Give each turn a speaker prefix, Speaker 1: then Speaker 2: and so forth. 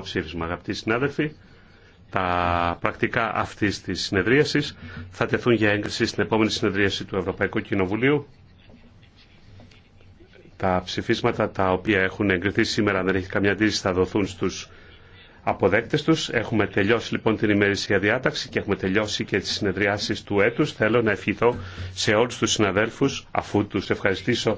Speaker 1: ψήφισμα. Αγαπητοί συνάδελφοι, τα πρακτικά αυτής της συνεδρίασης θα τεθούν για έγκριση στην επόμενη συνεδρίαση του Ευρωπαϊκού Κοινοβουλίου. Τα ψηφίσματα τα οποία έχουν εγκριθεί σήμερα, δεν έχει καμιά αντίρρηση, θα δοθούν στους αποδέκτες τους. Έχουμε τελειώσει λοιπόν την ημερήσια διάταξη και έχουμε τελειώσει και τι συνεδριάσει του έτου. Θέλω να ευχηθώ σε όλου του συναδέλφου, αφού του ευχαριστήσω